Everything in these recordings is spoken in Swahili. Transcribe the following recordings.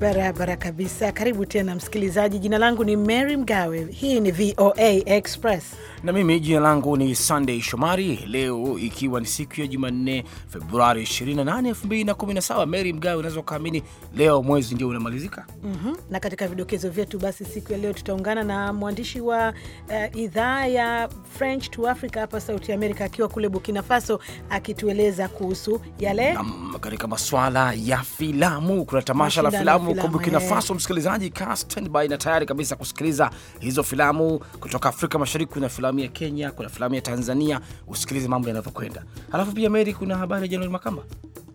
Barabara kabisa. Karibu tena msikilizaji, jina langu ni Mary Mgawe, hii ni VOA Express na mimi jina langu ni Sunday Shomari. Leo ikiwa ni siku ya Jumanne, Februari 28, 2017. Mary Mgawe, unaweza ukaamini leo mwezi ndio unamalizika? mm -hmm. Na katika vidokezo vyetu, basi siku ya leo tutaungana na mwandishi wa uh, idhaa ya French to Africa hapa Sauti Amerika akiwa kule Burkina Faso akitueleza kuhusu yale katika maswala ya filamu. Kuna tamasha la filamu filamu kwa Burkina Faso. Msikilizaji, kaa standby na tayari kabisa kusikiliza hizo filamu kutoka Afrika Mashariki. Kuna filamu ya Kenya, kuna filamu ya Tanzania, usikilize mambo yanavyokwenda. Halafu pia Meri, kuna habari ya Januari Makamba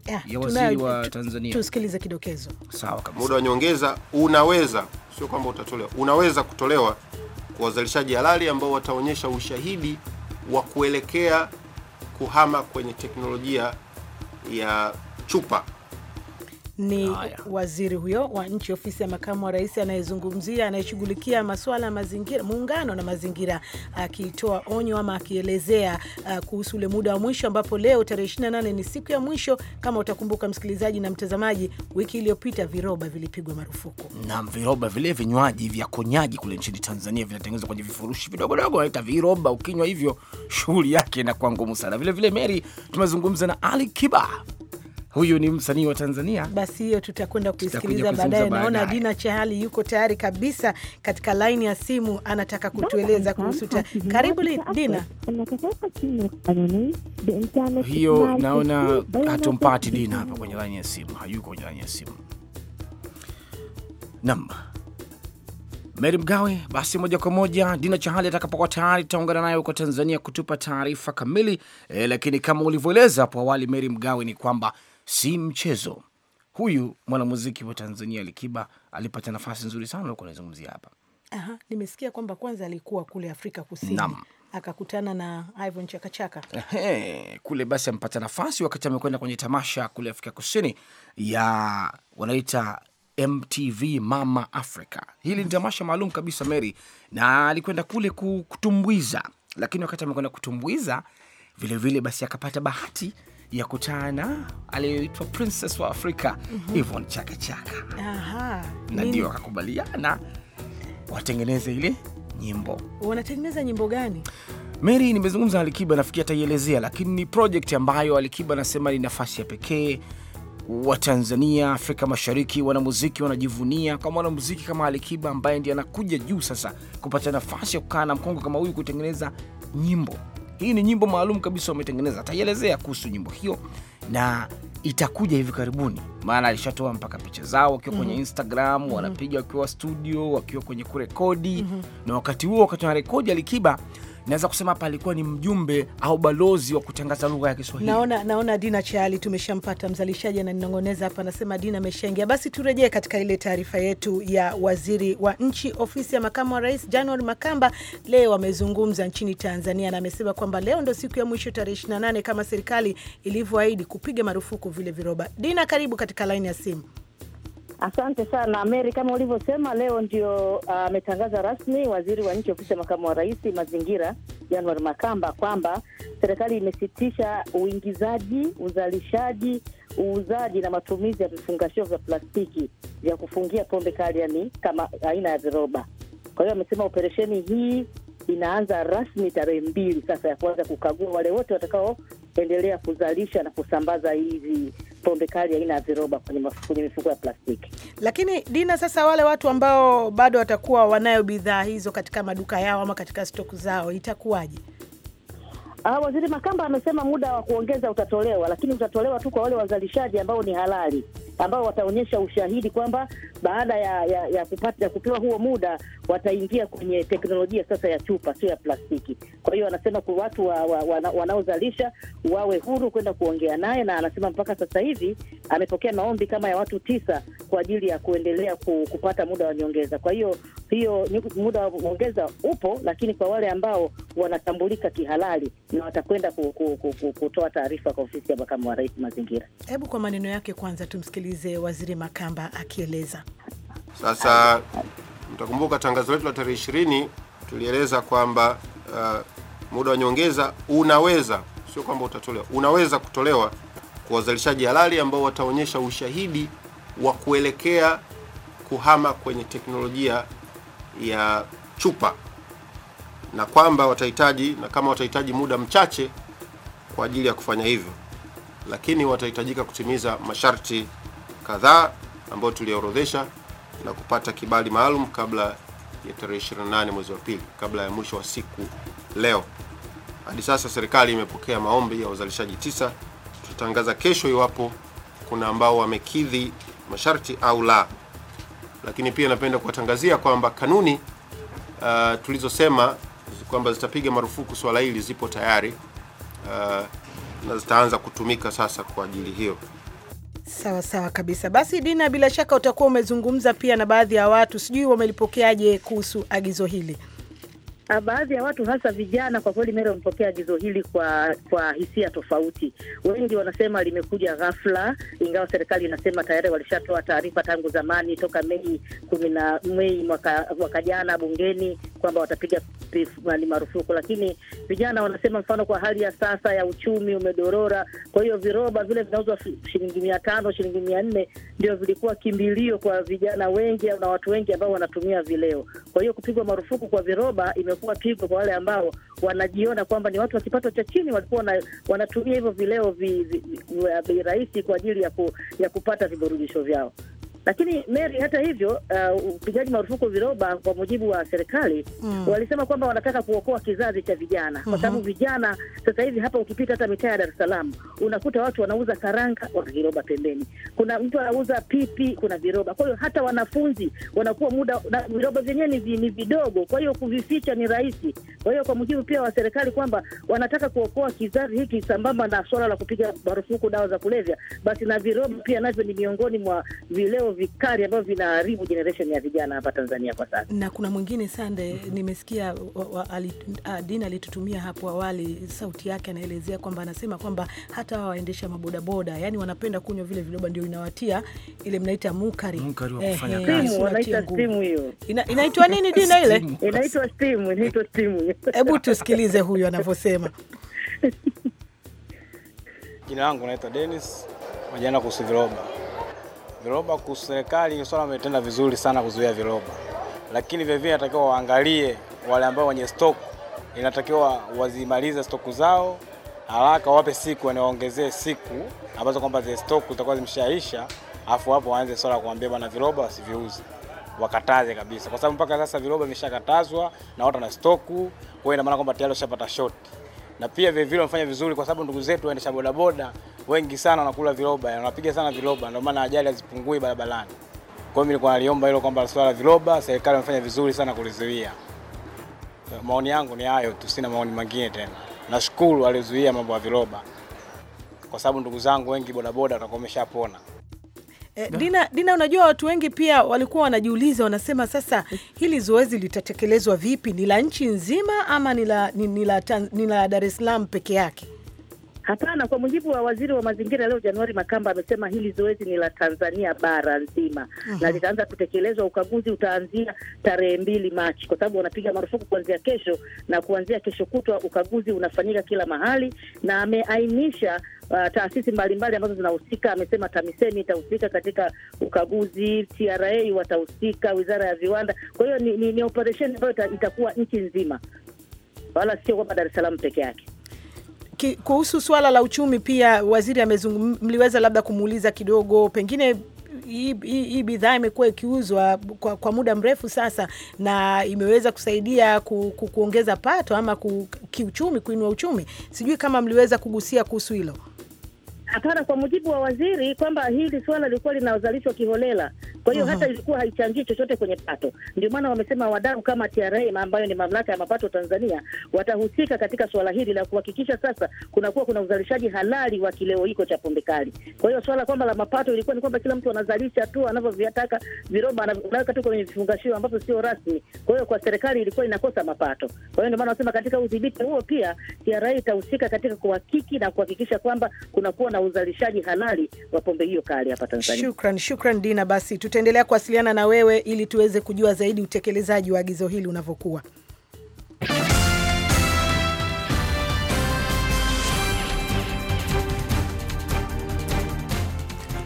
ya, ya waziri wa Tanzania. Tusikilize kidokezo. Sawa kabisa. Muda wa nyongeza unaweza, sio kwamba utatolewa, unaweza kutolewa kwa wazalishaji halali ambao wataonyesha ushahidi wa kuelekea kuhama kwenye teknolojia ya chupa ni Aya. Waziri huyo wa nchi ofisi ya makamu wa rais anayezungumzia anayeshughulikia masuala ya mazingira, muungano na mazingira, akitoa onyo ama akielezea uh, kuhusu ule muda wa mwisho, ambapo leo tarehe 28 ni siku ya mwisho. Kama utakumbuka msikilizaji na mtazamaji, wiki iliyopita viroba vilipigwa marufuku. Naam, viroba vile vinywaji vya konyaji kule nchini Tanzania vinatengenezwa kwenye vifurushi vidogodogo, wanaita viroba. Ukinywa hivyo, shughuli yake inakuwa ngumu sana. Vilevile Meri, tumezungumza na Ali Kiba huyu ni msanii wa Tanzania. Basi hiyo tutakwenda kuisikiliza baadaye. Naona Dina Chahali yuko tayari kabisa katika laini ya simu, anataka kutueleza kuhusu. Karibu Dina. Hiyo naona hatumpati Dina hapa kwenye laini ya simu, hayuko kwenye laini ya simu. Nam Meri Mgawe. Basi moja kwa moja Dina Chahali atakapokuwa tayari tutaungana naye huko Tanzania kutupa taarifa kamili. E, lakini kama ulivyoeleza hapo awali Meri Mgawe ni kwamba si mchezo. Huyu mwanamuziki wa Tanzania Alikiba alipata nafasi nzuri sana, uko anazungumzia hapa. Aha, nimesikia kwamba kwanza alikuwa kule Afrika Kusini Nam akakutana na Ivon Chakachaka kule basi amepata nafasi wakati amekwenda kwenye tamasha kule Afrika Kusini ya wanaita MTV Mama Africa. Hili ni tamasha maalum kabisa Mary, na alikwenda kule kutumbwiza, lakini wakati amekwenda kutumbwiza vilevile vile basi akapata bahati ya kutana aliyoitwa princess wa Afrika mhm. Yvonne Chaka Chaka, na ndio akakubaliana watengeneze ile nyimbo. Wanatengeneza nyimbo gani? Mary, nimezungumza Alikiba, nafikiri ataielezea, lakini ni project ambayo Alikiba anasema ni nafasi ya pekee wa Tanzania, Afrika Mashariki, wanamuziki wanajivunia kwa mwanamuziki kama Alikiba ambaye ndiye anakuja juu sasa kupata nafasi ya kukaa na mkongo kama huyu kutengeneza nyimbo hii ni nyimbo maalum kabisa wametengeneza, ataielezea kuhusu nyimbo hiyo na itakuja hivi karibuni, maana alishatoa mpaka picha zao wakiwa mm -hmm. kwenye mhm. Instagram mm -hmm. wanapiga mhm. wakiwa studio, wakiwa kwenye kurekodi mm -hmm. na wakati huo, wakati wanarekodi Alikiba naweza kusema hapa alikuwa ni mjumbe au balozi wa kutangaza lugha ya Kiswahili. Naona, naona Dina Chali tumeshampata mzalishaji, ananinong'oneza hapa, anasema Dina ameshaingia. Basi turejee katika ile taarifa yetu ya waziri wa nchi ofisi ya makamu wa rais January Makamba. Leo amezungumza nchini Tanzania na amesema kwamba leo ndo siku ya mwisho tarehe 28 kama serikali ilivyoahidi kupiga marufuku vile viroba. Dina, karibu katika laini ya simu. Asante sana Mary, kama ulivyosema, leo ndio uh, ametangaza uh, rasmi waziri wa nchi ofisi ya makamu wa rais mazingira Januari Makamba kwamba serikali imesitisha uingizaji, uzalishaji, uuzaji na matumizi ya vifungashio vya plastiki vya kufungia pombe kali, yani kama aina ya viroba. Kwa hiyo amesema operesheni hii inaanza rasmi tarehe mbili sasa ya kuanza kukagua wale wote watakaoendelea kuzalisha na kusambaza hivi pombe kali aina ya viroba kwenye mifuko ya plastiki. Lakini Dina, sasa wale watu ambao bado watakuwa wanayo bidhaa hizo katika maduka yao ama katika stoku zao itakuwaje? Ah, Waziri Makamba amesema muda wa kuongeza utatolewa, lakini utatolewa tu kwa wale wazalishaji ambao ni halali, ambao wataonyesha ushahidi kwamba baada ya ya, ya, kupata, ya kupewa huo muda wataingia kwenye teknolojia sasa ya chupa, sio ya plastiki. Kwa hiyo anasema kwa watu wa, wa, wa, wanaozalisha wawe huru kwenda kuongea naye, na anasema mpaka sasa hivi amepokea maombi kama ya watu tisa kwa ajili ya kuendelea kupata muda wa nyongeza. Kwa hiyo hiyo muda wa kuongeza upo, lakini kwa wale ambao wanatambulika kihalali na watakwenda ku, ku, ku, ku, kutoa taarifa kwa ofisi ya makamu wa rais mazingira. Hebu kwa maneno yake kwanza tumsikilize Waziri Makamba akieleza. Sasa mtakumbuka tangazo letu la tarehe ishirini tulieleza kwamba uh, muda wa nyongeza unaweza, sio kwamba utatolewa, unaweza kutolewa kwa wazalishaji halali ambao wataonyesha ushahidi wa kuelekea kuhama kwenye teknolojia ya chupa, na kwamba watahitaji na kama watahitaji muda mchache kwa ajili ya kufanya hivyo, lakini watahitajika kutimiza masharti kadhaa ambayo tuliyoorodhesha na kupata kibali maalum kabla ya tarehe 28 mwezi wa pili, kabla ya mwisho wa siku leo. Hadi sasa serikali imepokea maombi ya uzalishaji tisa. Tutatangaza kesho iwapo kuna ambao wamekidhi masharti au la lakini pia napenda kuwatangazia kwamba kanuni uh, tulizosema kwamba zitapiga marufuku swala hili zipo tayari uh, na zitaanza kutumika sasa kwa ajili hiyo. Sawa sawa kabisa. Basi Dina, bila shaka utakuwa umezungumza pia na baadhi ya watu, sijui wamelipokeaje kuhusu agizo hili? Ah, baadhi ya watu hasa vijana, kwa kweli Mary wamepokea agizo hili kwa kwa hisia tofauti. Wengi wanasema limekuja ghafla, ingawa serikali inasema tayari walishatoa taarifa tangu zamani, toka Mei kumi na Mei mwaka, mwaka jana bungeni kwamba watapiga ni marufuku, lakini vijana wanasema, mfano kwa hali ya sasa ya uchumi umedorora, kwa hiyo viroba vile vinauzwa shilingi mia tano shilingi mia nne ndio vilikuwa kimbilio kwa vijana wengi na watu wengi ambao wanatumia vileo. Kwa hiyo kupigwa marufuku kwa viroba imekuwa pigo kwa wale ambao wanajiona kwamba ni watu wa kipato cha chini, walikuwa wanatumia hivyo vileo vi, vi, vi, vi, vi rahisi kwa ajili ya, ku, ya kupata viburudisho vyao. Lakini Mary, hata hivyo, uh, upigaji uh, marufuku viroba kwa mujibu wa serikali mm. walisema kwamba wanataka kuokoa kizazi cha vijana, kwa mm-hmm. sababu vijana sasa hivi hapa ukipita hata mitaa ya Dar es Salaam unakuta watu wanauza karanga, wana viroba pembeni, kuna mtu anauza pipi, kuna viroba. Kwa hiyo hata wanafunzi wanakuwa muda na viroba vyenyewe ni vidogo, kwa hiyo kuvificha ni rahisi. Kwa hiyo kwa mujibu pia wa serikali kwamba wanataka kuokoa kizazi hiki, sambamba na swala la kupiga marufuku dawa za kulevya, basi na viroba pia navyo ni miongoni mwa vileo ambavyo vikali ambavyo vinaharibu generation ya vijana hapa Tanzania kwa sasa. Na kuna mwingine Sande, mm -hmm. nimesikia Dina alitutumia hapo awali sauti yake, anaelezea kwamba anasema kwamba hata hawa waendesha mabodaboda yani wanapenda kunywa vile viloba, ndio inawatia ile mnaita mukari, mukari wa kufanya kazi, wanaita stimu. Hiyo inaitwa nini Dina? Ile inaitwa stimu, inaitwa stimu. Hebu tusikilize huyu anavyosema. Jina langu naitwa Dennis, majana kuhusu viroba. Viroba kuhusu serikali swala wametenda vizuri sana kuzuia viroba, lakini vile inatakiwa waangalie wale ambao wenye stock, inatakiwa wazimalize stock zao haraka, wape siku, wanaongezee siku ambazo kwamba zile stock zitakuwa zimeshaisha, afu hapo waanze swala kuambia bwana, viroba wasiviuze, wakataze kabisa, kwa sababu mpaka sasa viroba vimeshakatazwa na watu na stock, Kwa hiyo ina maana kwamba tayari washapata shoti na pia vile vile wamefanya vizuri kwa sababu ndugu zetu waendesha bodaboda wengi sana wanakula viroba, wanapiga sana viroba, ndio maana ajali hazipungui barabarani. Kwa hiyo mimi nilikuwa naliomba hilo kwamba swala la viroba serikali wamefanya vizuri sana kulizuia. Eh, maoni yangu ni hayo tu, sina maoni mengine tena. Nashukuru alizuia mambo ya viroba, kwa sababu ndugu zangu wengi bodaboda watakuwa wameshapona. Eh, Dina, Dina, unajua watu wengi pia walikuwa wanajiuliza, wanasema sasa hili zoezi litatekelezwa vipi? Ni la nchi nzima ama ni la Dar es Salaam peke yake? Hapana, kwa mujibu wa waziri wa mazingira leo Januari Makamba amesema hili zoezi ni la Tanzania bara nzima na litaanza kutekelezwa. Ukaguzi utaanzia tarehe mbili Machi kwa sababu wanapiga marufuku kuanzia kesho, na kuanzia kesho kutwa ukaguzi unafanyika kila mahali, na ameainisha Uh, taasisi mbalimbali ambazo zinahusika. Amesema TAMISEMI itahusika katika ukaguzi, TRA watahusika, wizara ya viwanda. Kwa hiyo ni, ni, ni operesheni ambayo itakuwa nchi nzima, wala sio kwamba Dar es Salaam peke yake kuhusu swala la uchumi pia waziri mliweza labda kumuuliza kidogo pengine hii bidhaa imekuwa ikiuzwa kwa, kwa muda mrefu sasa na imeweza kusaidia ku, ku, kuongeza pato ama ku, kiuchumi kuinua uchumi. Sijui kama mliweza kugusia kuhusu hilo. Hapana, kwa mujibu wa waziri kwamba hili suala lilikuwa linazalishwa kiholela kwa hiyo hata ilikuwa haichangii chochote kwenye pato. Ndio maana wamesema wadau kama TRA ambayo ni mamlaka ya mapato Tanzania watahusika katika suala hili la kuhakikisha sasa kunakuwa kuna uzalishaji halali wa kileo hiko cha pombe kali. Kwa hiyo swala kwamba la mapato ilikuwa ni kwamba kila mtu anazalisha tu anavyoviataka viroba anaweka tu kwenye vifungashio ambavyo sio rasmi. Kwa hiyo kwa serikali ilikuwa inakosa mapato. Kwa hiyo ndio maana wanasema katika udhibiti huo pia TRA itahusika katika kuhakiki na kuhakikisha kwamba kunakuwa na uzalishaji halali wa pombe hiyo kali hapa Tanzania. Shukran, shukran Dina, basi tute tutaendelea kuwasiliana na wewe ili tuweze kujua zaidi utekelezaji wa agizo hili unavyokuwa.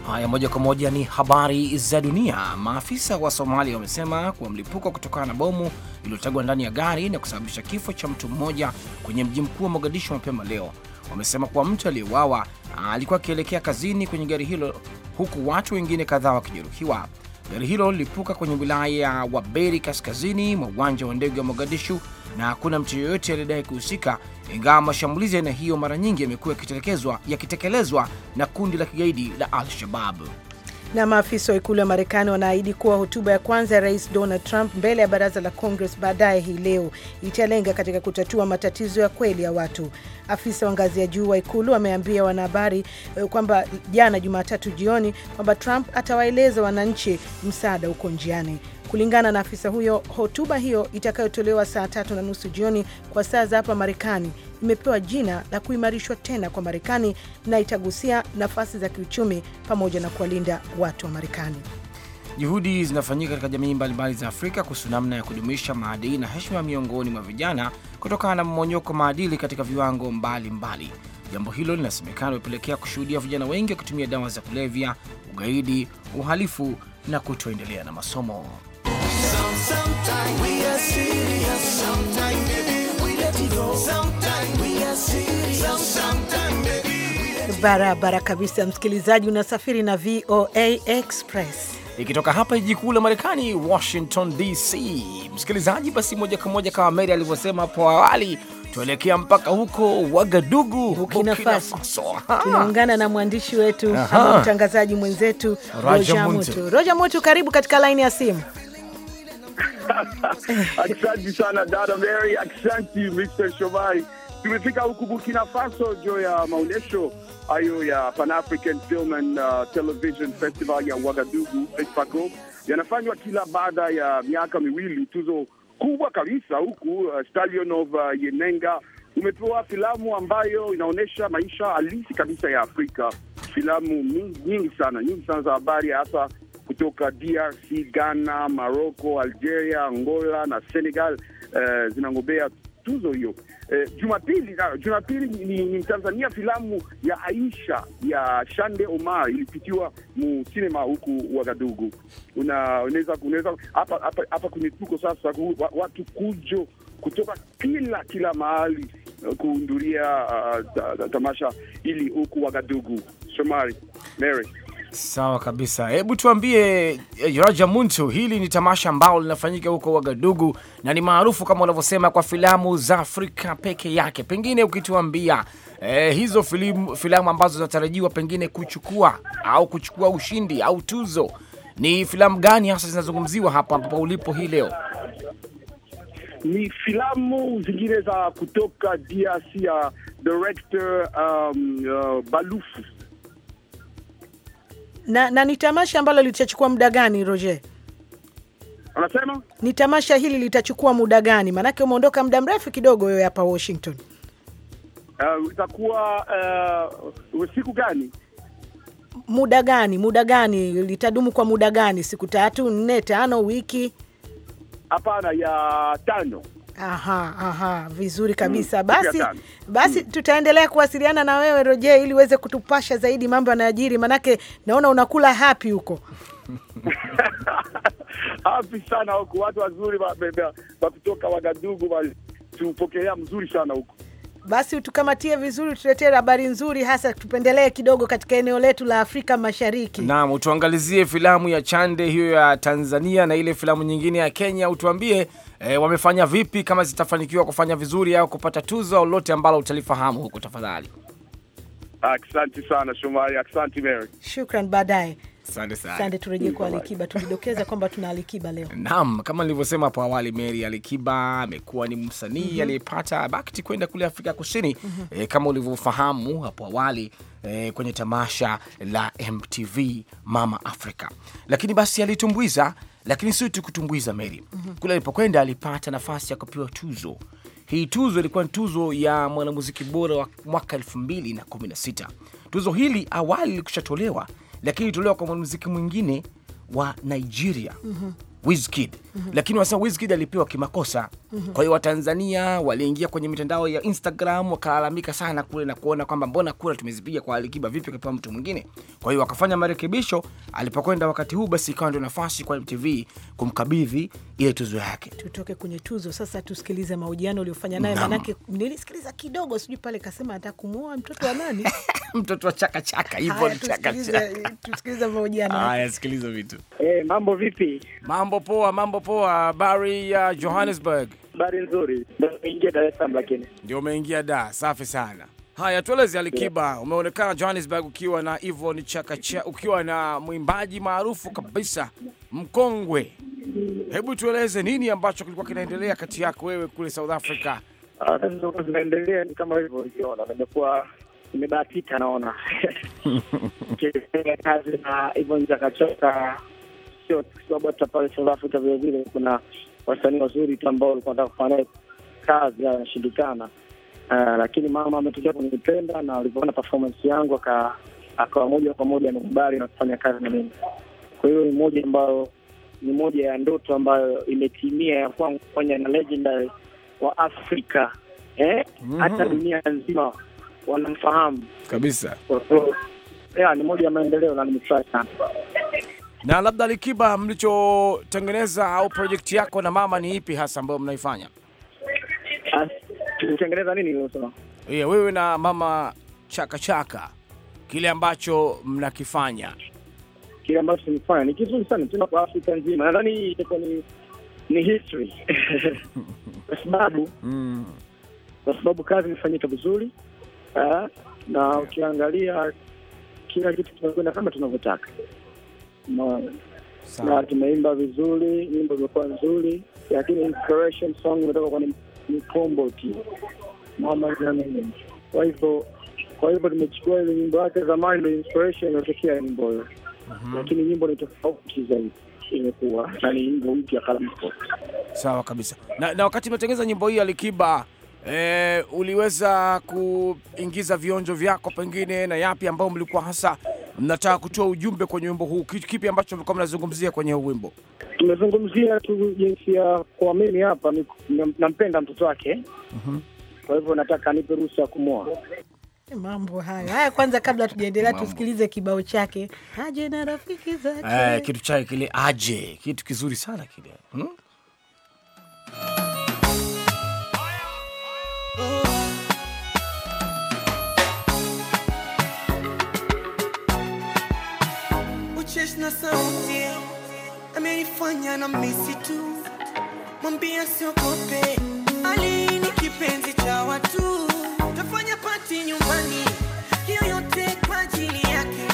Haya, moja kwa moja ni habari za dunia. Maafisa wa Somalia wamesema kuwa mlipuko kutokana na bomu lililotegwa ndani ya gari na kusababisha kifo cha mtu mmoja kwenye mji mkuu wa Mogadishu mapema leo. Wamesema kuwa mtu aliyeuawa alikuwa akielekea kazini kwenye gari hilo, huku watu wengine kadhaa wakijeruhiwa. Gari hilo lilipuka kwenye wilaya ya Waberi kaskazini mwa uwanja wa ndege wa Mogadishu na hakuna mtu yoyote aliyedai kuhusika, ingawa mashambulizi aina hiyo mara nyingi yamekuwa yakitekelezwa na kundi la kigaidi la Al-Shabab. Na maafisa wa ikulu ya Marekani wanaahidi kuwa hotuba ya kwanza ya Rais Donald Trump mbele ya baraza la Congress baadaye hii leo italenga katika kutatua matatizo ya kweli ya watu. Afisa wa ngazi ya juu wa ikulu ameambia wanahabari eh, kwamba jana Jumatatu jioni kwamba Trump atawaeleza wananchi msaada uko njiani kulingana na afisa huyo. Hotuba hiyo itakayotolewa saa tatu na nusu jioni kwa saa za hapa Marekani imepewa jina la kuimarishwa tena kwa Marekani na itagusia nafasi za kiuchumi pamoja na kuwalinda watu wa Marekani. Juhudi zinafanyika katika jamii mbalimbali za Afrika kuhusu namna ya kudumisha maadili na heshima miongoni mwa vijana kutokana na mmonyoko maadili katika viwango mbalimbali. Jambo hilo linasemekana limepelekea kushuhudia vijana wengi wakitumia dawa za kulevya, ugaidi, uhalifu na kutoendelea na masomo. Sometimes we are serious. Sometimes maybe we let it go. Sometimes we are serious. Sometimes maybe. Barabara kabisa, msikilizaji, unasafiri na VOA Express ikitoka hapa jiji kuu la Marekani, Washington DC. Msikilizaji, basi moja kwa moja kama Mary alivyosema hapo awali tuelekea mpaka huko Wagadugu, Burkina Faso. Tunaungana na mwandishi wetu mtangazaji mwenzetu Roja Mutu. Roja Mutu, karibu katika laini ya simu. asanti sana dada Mary, asanti Mr. Shomari. Tumefika huku Burkina Faso jo ya maonyesho hayo ya Pan African Film and uh, Television Festival ya Wagadugu Espaco yanafanywa kila baada ya miaka miwili. Tuzo kubwa kabisa huku uh, Stallion of uh, Yenenga umepewa filamu ambayo inaonyesha maisha halisi kabisa ya Afrika. Filamu nyingi sana nyingi sana za habari hasa kutoka DRC, Ghana, Morocco, Algeria, Angola na Senegal uh, eh, zinagombea tuzo hiyo. Uh, Jumapili ah, Jumapili ni, ni Tanzania, filamu ya Aisha ya Shande Omar ilipitiwa mu sinema huku Wagadugu. Unaweza unaweza hapa hapa hapa kwenye tuko sasa, watu kujo kutoka kila kila mahali eh, kuhudhuria uh, tamasha ili huku Wagadugu. Shomari Mary Sawa kabisa. Hebu tuambie eh, Raja Muntu, hili ni tamasha ambalo linafanyika huko Wagadugu na ni maarufu kama unavyosema kwa filamu za Afrika peke yake. Pengine ukituambia eh, hizo filamu, filamu ambazo zinatarajiwa pengine kuchukua au kuchukua ushindi au tuzo, ni filamu gani hasa zinazungumziwa hapa ambapo ulipo hii leo? Ni filamu zingine za kutoka DRC ya director um, uh, Balufu na, na ni tamasha ambalo litachukua muda gani Roger? Anasema ni tamasha hili litachukua muda gani? Maanake umeondoka muda mrefu kidogo wewe hapa Washington. Uh, itakuwa uh, eh, siku gani? Muda gani? Muda gani? Litadumu kwa muda gani? Siku tatu, nne, tano, wiki? Hapana, ya tano. Aha, aha, vizuri kabisa. Basi basi tutaendelea kuwasiliana na wewe Roje, ili uweze kutupasha zaidi mambo yanayojiri, manake naona unakula hapi huko hapi sana huko, watu wazuri wa kutoka Wagadugu tupokelea mzuri sana huko. Basi utukamatie vizuri, utuletee habari nzuri, hasa tupendelee kidogo katika eneo letu la Afrika Mashariki. Naam, utuangalizie filamu ya Chande hiyo ya Tanzania na ile filamu nyingine ya Kenya, utuambie e, wamefanya vipi, kama zitafanikiwa kufanya vizuri au kupata tuzo au lolote ambalo utalifahamu huko, tafadhali. Asante sana Shumari, asante Mary, shukran. Baadaye Asante sana. Asante, turejee kwa Alikiba. Tulidokeza kwamba tuna Alikiba leo. Naam, kama nilivyosema hapo awali, Mary Alikiba amekuwa ni msanii mm -hmm. aliyepata bakti kwenda kule Afrika Kusini mm -hmm. E, kama ulivyofahamu hapo awali e, kwenye tamasha la MTV Mama Africa, lakini basi alitumbuiza, lakini sio tu kutumbuiza Mary mm -hmm. kule alipokwenda alipata nafasi ya kupewa tuzo. Hii tuzo ilikuwa ni tuzo ya mwanamuziki bora wa mwaka 2016. Tuzo hili awali likushatolewa lakini ilitolewa kwa mwanamuziki mwingine wa Nigeria, mm -hmm. Wizkid. Mm -hmm. Lakini wanasema Wizkid alipewa kimakosa kwa hiyo Watanzania waliingia kwenye mitandao ya Instagram wakalalamika sana kule na kuona kwamba mbona kura tumezipiga kwa Alikiba, vipi kapewa mtu mwingine? Kwa hiyo wakafanya marekebisho alipokwenda wakati huu, basi ikawa ndio nafasi kwa MTV kumkabidhi ile tuzo yake. Tutoke kwenye tuzo sasa, tusikilize mahojiano uliofanya naye, manake nilisikiliza kidogo, sijui pale kasema anataka mtoto wa nani? mtoto wa chaka chaka, hivyo ni chaka chaka. Tusikilize mahojiano haya, sikiliza vitu. Eh, mambo vipi? Mambo poa, mambo poa. Habari ya Johannesburg? Habari nzuri, ndio umeingia Dar es Salaam, lakini ndio umeingia da. Safi sana. Haya, tueleze Alikiba, umeonekana Johannesburg ukiwa na Yvonne Chakacha, ukiwa na mwimbaji maarufu kabisa mkongwe. Hebu tueleze nini ambacho kilikuwa kinaendelea kati yako wewe kule South Africa? Ah, zinaendelea ni kama hivyo uliona, nimekuwa nimebahatika, naona kazi na Yvonne Chakacha, sio kwa sababu hata pale South Africa vile vile kuna wasanii wazuri tu ambao walikuwa wanataka kufanya naye kazi anashindikana. Uh, ah, lakini mama ametokea kunipenda na alivyoona performance yangu akawa moja kwa moja amekubali na kufanya kazi na mimi. Kwa hiyo ni moja ambayo ni moja ya ndoto ambayo imetimia ya kwangu kufanya na legendary wa Afrika eh? Mm hata -hmm. dunia nzima wanamfahamu kabisa. ni moja ya maendeleo na nimefurahi sana. Na labda Likiba, mlichotengeneza au project yako na mama ni ipi hasa ambayo mnaifanya? Ah, Tulitengeneza nini unasema? Yeah, wewe na mama Chaka Chaka, kile ambacho mnakifanya, kile ambacho tunafanya ni kizuri sana tena kwa Afrika nzima. Nadhani itakuwa ni ni history kwa sababu mm. kwa sababu kazi imefanyika vizuri ah, na ukiangalia kila kitu tunakwenda kama tunavyotaka na tumeimba vizuri, nyimbo imekuwa nzuri, lakini inspiration song imetoka kwa Mkomboti Muhammad Kwa hivyo kwa hivyo tumechukua ile nyimbo yake zamani, ndo inspiration inatokea nyimbo hiyo, mhm. lakini nyimbo ni tofauti zaidi imekuwa na ni nyimbo mpya kabisa. Sawa kabisa. Na, na wakati umetengeza nyimbo hii Alikiba, eh, uliweza kuingiza vionjo vyako pengine na yapi ambayo mlikuwa hasa mnataka kutoa ujumbe kwenye wimbo huu? Kitu kipi ambacho mlikuwa mnazungumzia kwenye huu wimbo? Tumezungumzia tu jinsi ya, kwa mimi hapa nampenda mtoto wake, mhm. kwa hivyo nataka nipe ruhusa ya kumwoa. Eh, mambo haya haya, kwanza kabla tujaendelea, tusikilize kibao chake aje na rafiki zake. Eh, kitu chake kile aje, kitu kizuri sana kile hmm? na sauti amenifanya na misi tu, mwambia siokope Ali ni kipenzi cha watu, tafanya pati nyumbani, hiyo yote kwa ajili yake.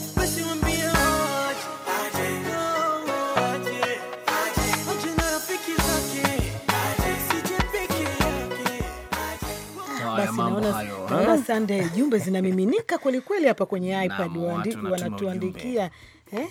Bwana Sande, jumbe zinamiminika kwelikweli hapa kwenye iPad, wanatuandikia eh?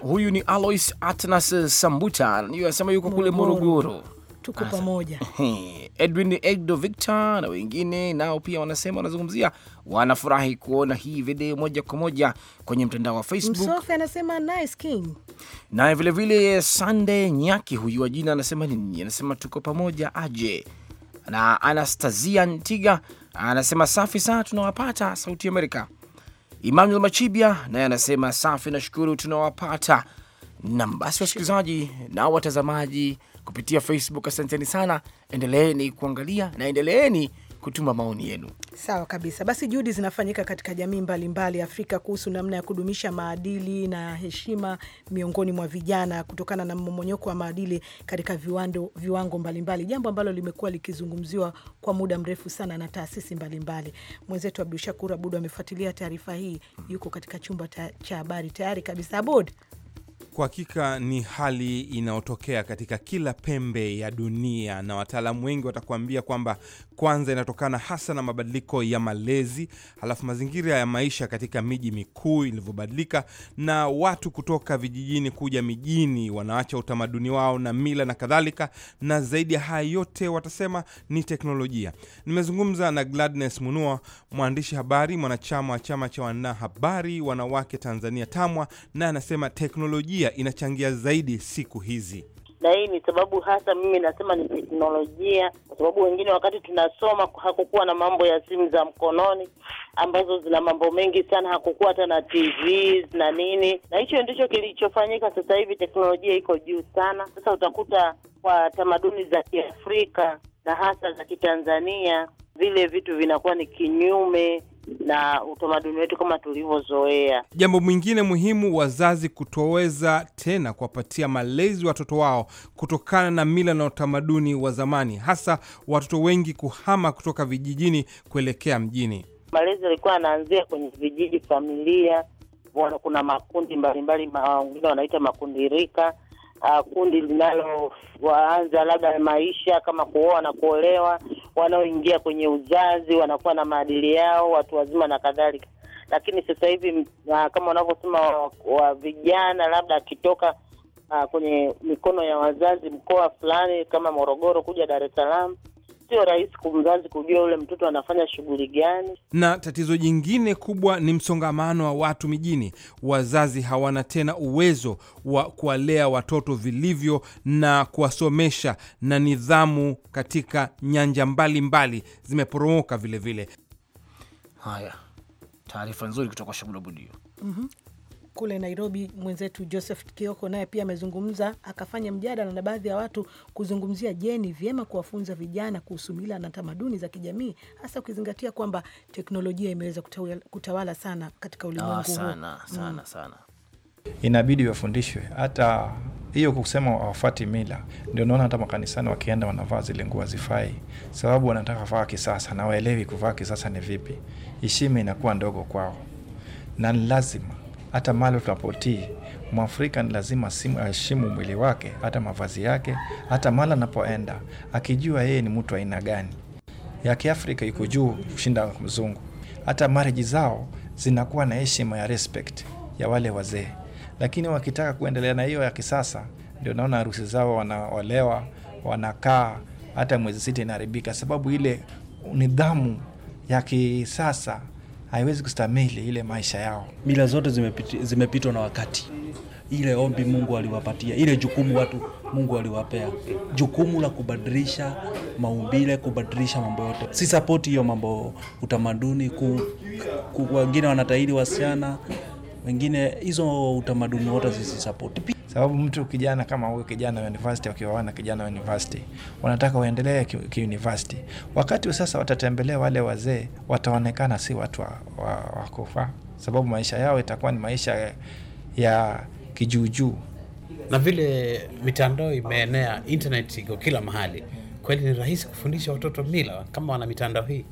huyu ni Alois Atnas Sambuta, asema yuko kule Morogoro. Tuko pamoja. Edwin Egdo Victor na wengine nao pia wanasema, wanazungumzia, wanafurahi kuona hii video moja kwa moja kwenye mtandao wa Facebook. Msofe anasema nice king. Naye vilevile Sande Nyaki, huyu wa jina anasema nini? Anasema tuko pamoja aje na Anastasia Ntiga anasema safi sana, tunawapata Sauti Amerika. Emmanuel Machibia naye anasema safi, nashukuru tunawapata. Nam, basi wasikilizaji na watazamaji kupitia Facebook, asanteni sana, endeleeni kuangalia na endeleeni kutuma maoni yenu. Sawa kabisa. Basi juhudi zinafanyika katika jamii mbalimbali mbali Afrika kuhusu namna ya kudumisha maadili na heshima miongoni mwa vijana kutokana na mmomonyoko wa maadili katika viwango mbalimbali mbali, jambo ambalo limekuwa likizungumziwa kwa muda mrefu sana na taasisi mbalimbali. Mwenzetu abdu shakur Abud amefuatilia taarifa hii, yuko katika chumba ta, cha habari tayari kabisa. Abud. Kwa hakika ni hali inayotokea katika kila pembe ya dunia, na wataalamu wengi watakuambia kwamba kwanza inatokana hasa na mabadiliko ya malezi, halafu mazingira ya maisha katika miji mikuu ilivyobadilika, na watu kutoka vijijini kuja mijini, wanaacha utamaduni wao na mila na kadhalika, na zaidi ya haya yote watasema ni teknolojia. Nimezungumza na Gladness Munua, mwandishi habari, mwanachama wa chama cha wanahabari wanawake Tanzania TAMWA, naye anasema teknolojia teknolojia inachangia zaidi siku hizi na hii ni sababu hasa mimi nasema ni teknolojia, kwa sababu wengine wakati tunasoma hakukuwa na mambo ya simu za mkononi ambazo zina mambo mengi sana, hakukuwa hata na TV na nini, na hicho ndicho kilichofanyika. Sasa hivi teknolojia iko juu sana. Sasa utakuta kwa tamaduni za Kiafrika na hasa za Kitanzania, vile vitu vinakuwa ni kinyume na utamaduni wetu kama tulivyozoea. Jambo mwingine muhimu, wazazi kutoweza tena kuwapatia malezi watoto wao kutokana na mila na utamaduni wa zamani, hasa watoto wengi kuhama kutoka vijijini kuelekea mjini. Malezi yalikuwa yanaanzia kwenye vijiji, familia. Kuna makundi mbalimbali, wengine wanaita makundi rika uh, kundi linalowaanza labda maisha kama kuoa na kuolewa, wanaoingia kwenye uzazi wanakuwa na maadili yao, watu wazima na kadhalika. Lakini sasa hivi uh, kama wanavyosema wa, wa vijana labda akitoka uh, kwenye mikono ya wazazi mkoa fulani kama Morogoro kuja Dar es Salaam sio rahisi kumzazi kujua yule mtoto anafanya shughuli gani. Na tatizo jingine kubwa ni msongamano wa watu mijini. Wazazi hawana tena uwezo wa kuwalea watoto vilivyo na kuwasomesha, na nidhamu katika nyanja mbalimbali zimeporomoka vilevile. Haya, taarifa nzuri kutoka Shabula Budio. mm -hmm kule Nairobi mwenzetu Joseph Kioko naye pia amezungumza, akafanya mjadala na baadhi ya watu kuzungumzia, je, ni vyema kuwafunza vijana kuhusu mila na tamaduni za kijamii, hasa ukizingatia kwamba teknolojia imeweza kutawala sana katika ulimwengu ah, huu sana, mm. sana, mm. sana. Inabidi wafundishwe hata hiyo kusema hawafati mila, ndio naona hata makanisani wakienda wanavaa zile nguo hazifai, sababu wanataka vaa kisasa na waelewi kuvaa kisasa ni vipi. Heshima inakuwa ndogo kwao, na lazima hata mali tunapotii, Mwafrika ni lazima aheshimu mwili wake, hata mavazi yake, hata mali anapoenda, akijua yeye ni mtu aina gani. Ya Kiafrika iko juu kushinda mzungu. Hata marriage zao zinakuwa na heshima ya respect ya wale wazee, lakini wakitaka kuendelea na hiyo ya kisasa, ndio naona harusi zao wanaolewa, wanakaa hata mwezi sita inaharibika, sababu ile nidhamu ya kisasa haiwezi kustamili ile maisha yao. Mila zote zimepitwa zimepitwa na wakati. Ile ombi Mungu aliwapatia, ile jukumu watu Mungu aliwapea, jukumu la kubadilisha maumbile, kubadilisha mambo yote. Si sapoti hiyo mambo utamaduni ku, ku, wengine wanatahiri wasichana, wengine hizo utamaduni wote sisi sababu mtu kijana kama huyo kijana wa university wakiwaona kijana wa university wanataka waendelee ki university wakati sasa watatembelea wale wazee wataonekana si watu wa, wa, wa kufa sababu maisha yao itakuwa ni maisha ya, kijuujuu na vile mitandao imeenea internet iko kila mahali kweli ni rahisi kufundisha watoto mila kama wana mitandao hii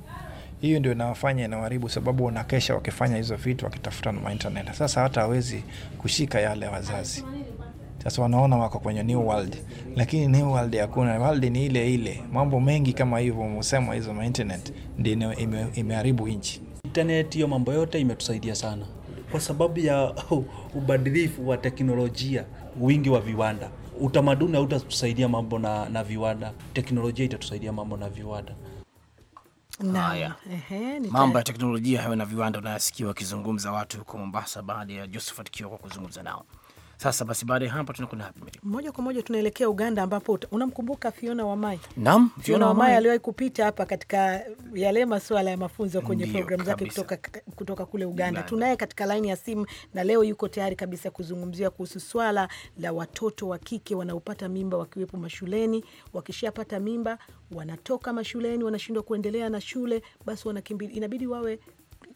hiyo ndio inawafanya inawaribu, sababu wanakesha wakifanya hizo vitu wakitafuta na internet. Sasa hata hawezi kushika yale wazazi sasa wanaona wako kwenye new world, lakini new world hakuna world, ni ile ile. Mambo mengi kama hivyo msema hizo internet ndio imeharibu nchi. Internet hiyo mambo yote imetusaidia sana kwa sababu ya ubadilifu wa teknolojia, wingi wa viwanda. Utamaduni hautatusaidia mambo na, na viwanda, teknolojia itatusaidia mambo na viwanda. mambo ya teknolojia hayo na viwanda unayasikia wakizungumza watu huko Mombasa baada ya Josephat Kioko kuzungumza nao. Sasa basi, baada ya hapa tunakwenda hapa moja kwa moja tunaelekea Uganda, ambapo unamkumbuka Fiona Wamai? Naam, Fiona Wamai aliwahi kupita hapa katika yale masuala ya mafunzo kwenye programu zake kutoka, kutoka kule Uganda. Tunaye katika laini ya simu na leo yuko tayari kabisa kuzungumzia kuhusu swala la watoto wa kike wanaopata mimba wakiwepo mashuleni. Wakishapata mimba wanatoka mashuleni, wanashindwa kuendelea na shule, basi wanakimbili, inabidi wawe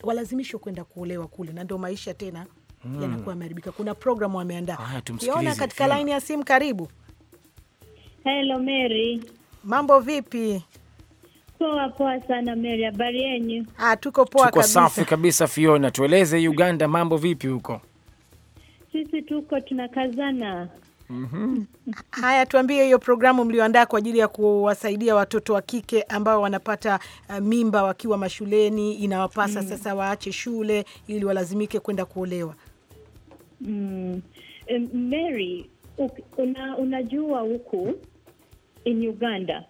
walazimishwa kwenda kuolewa kule, na ndio maisha tena mm. yanakuwa yameharibika. Kuna programu ameandaa Kiona katika laini ya simu, karibu. Hello Mary, mambo vipi? Poa poa sana Mary, habari yenu? Ah, tuko poa kabisa. safi kabisa Fiona, tueleze Uganda, mambo vipi huko? Sisi tuko tunakazana. Mm -hmm. Haya, tuambie hiyo programu mlioandaa kwa ajili ya kuwasaidia watoto wa kike ambao wanapata uh, mimba wakiwa mashuleni, inawapasa mm. sasa waache shule ili walazimike kwenda kuolewa. Mm. Um, Mary, una, unajua huku in Uganda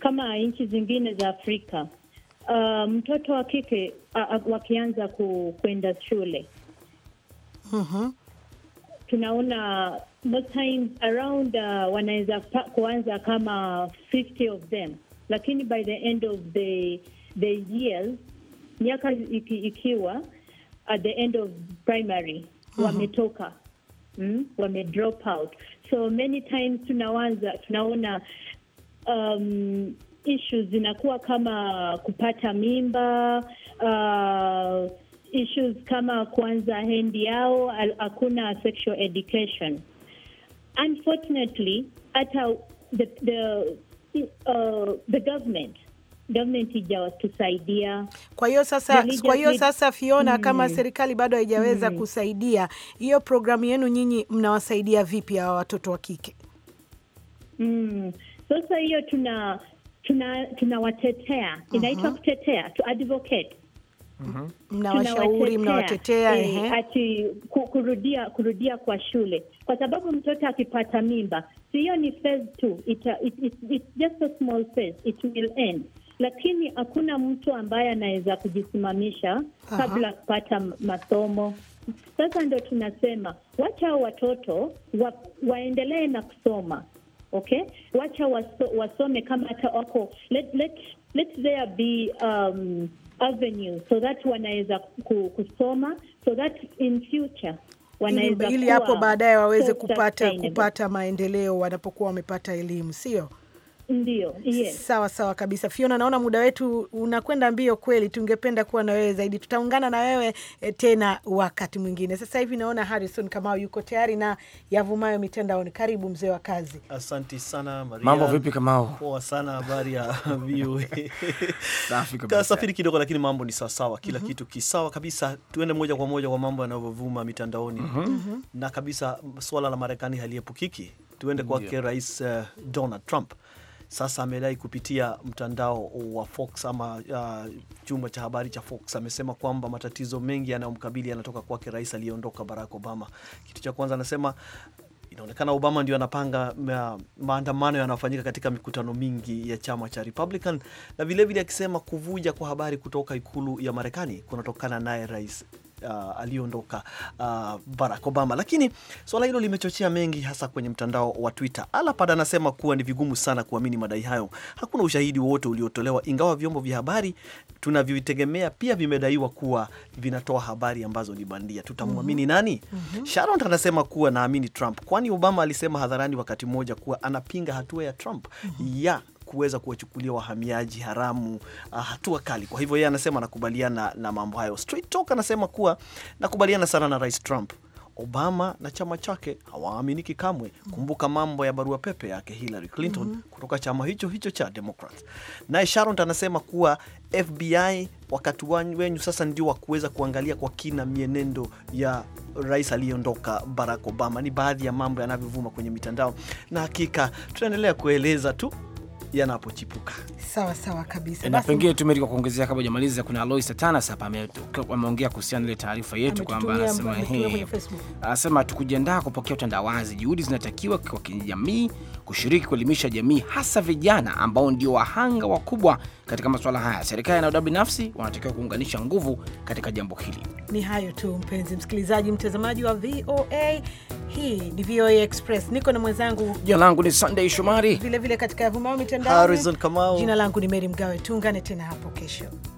kama nchi zingine za Afrika uh, mtoto wa kike uh, wakianza ku, kwenda shule uh-huh. Tunaona most times around uh, wanaweza kuanza kama 50 of them, lakini by the end of the, the years miaka iki, ikiwa at the end of primary Mm-hmm. wametoka mm, wame drop out so many times tunawanza tunaona um, issues zinakuwa kama kupata mimba uh, issues kama kuanza hendi yao hakuna sexual education unfortunately hata the, the, uh, the government government ijawatusaidia. Kwa hiyo sasa, kwa hiyo sasa Fiona, mm, kama serikali bado haijaweza mm, kusaidia hiyo programu yenu, nyinyi mnawasaidia vipi hawa watoto wa kike? Mm, sasa hiyo tuna tunawatetea, tuna mhm. inaitwa uh -huh. kutetea, to advocate mhm. mnawashauri mnawatetea, e, eh, ati kurudia kurudia kwa shule, kwa sababu mtoto akipata mimba, si hiyo ni phase tu, it, it, it, it's just a small phase, it will end lakini hakuna mtu ambaye anaweza kujisimamisha kabla kupata masomo. Sasa ndo tunasema wacha watoto wa, waendelee na kusoma okay, wacha waso, wasome kama hata wako let, let, let there be um, avenue so that wanaweza kusoma so that in future wanaweza ili hapo baadaye waweze kupata kupata maendeleo wanapokuwa wamepata elimu, sio? Ndio, yes. Sawa sawa kabisa Fiona, naona muda wetu unakwenda mbio kweli, tungependa kuwa na wewe zaidi. Tutaungana na wewe eh, tena wakati mwingine. Sasa hivi naona Harrison Kamau yuko tayari na yavumayo mitandaoni. Karibu mzee wa kazi. Asante sana Maria. Mambo vipi Kamau? Poa sana, habari ya Safi kabisa. kidogo lakini mambo ni sawa sawa, kila mm -hmm. kitu kisawa kabisa. Tuende moja kwa moja kwa mambo yanayovuma mitandaoni mm -hmm. na kabisa swala la Marekani haliepukiki. Tuende kwake Rais uh, Donald Trump sasa amedai kupitia mtandao wa Fox ama uh, chumba cha habari cha Fox amesema kwamba matatizo mengi yanayomkabili yanatoka kwake rais aliyeondoka Barack Obama. Kitu cha kwanza anasema inaonekana Obama ndio anapanga ma, uh, maandamano yanayofanyika katika mikutano mingi ya chama cha Republican, na vilevile akisema kuvuja kwa habari kutoka ikulu ya Marekani kunatokana naye rais uh, aliondoka uh, Barack Obama. Lakini swala hilo limechochea mengi, hasa kwenye mtandao wa Twitter. Alapad anasema kuwa ni vigumu sana kuamini madai hayo, hakuna ushahidi wowote uliotolewa, ingawa vyombo vya habari tunavyoitegemea pia vimedaiwa kuwa vinatoa habari ambazo ni bandia. Tutamwamini mm -hmm. nani? mm -hmm. Sharon anasema kuwa naamini Trump, kwani Obama alisema hadharani wakati mmoja kuwa anapinga hatua ya Trump mm -hmm. ya kuweza kuwachukulia wahamiaji haramu uh, hatua kali. Kwa hivyo yeye anasema anakubaliana na mambo hayo. Straight Talk anasema kuwa nakubaliana sana na Rais Trump. Obama na chama chake hawaaminiki kamwe. Kumbuka mambo ya barua pepe yake Hillary Clinton mm -hmm. kutoka chama hicho hicho cha Democrat. Naye Sharon anasema kuwa FBI wakati wenyu sasa ndio wa kuweza kuangalia kwa kina mienendo ya rais aliyeondoka Barack Obama. Ni baadhi ya mambo yanavyovuma kwenye mitandao, na hakika tunaendelea kueleza tu yanapochipuka. Sawa sawa kabisa. Na pengine tumerika kuongezea kabla hujamaliza, kuna Alois Satanas hapa ameongea kuhusiana ile taarifa yetu kwamba anasema anasema tukujiandaa kupokea utandawazi, juhudi zinatakiwa kwa kijamii kushiriki kuelimisha jamii, hasa vijana ambao ndio wahanga wakubwa katika masuala haya. Serikali na wadau binafsi wanatakiwa kuunganisha nguvu katika jambo hili. Ni hayo tu, mpenzi msikilizaji, mtazamaji wa VOA. Hii ni VOA Express, niko na mwenzangu, jina langu ni Sunday Shomari, vilevile katika vumao mitandao, jina langu ni Mary Mgawe. Tuungane tena hapo kesho.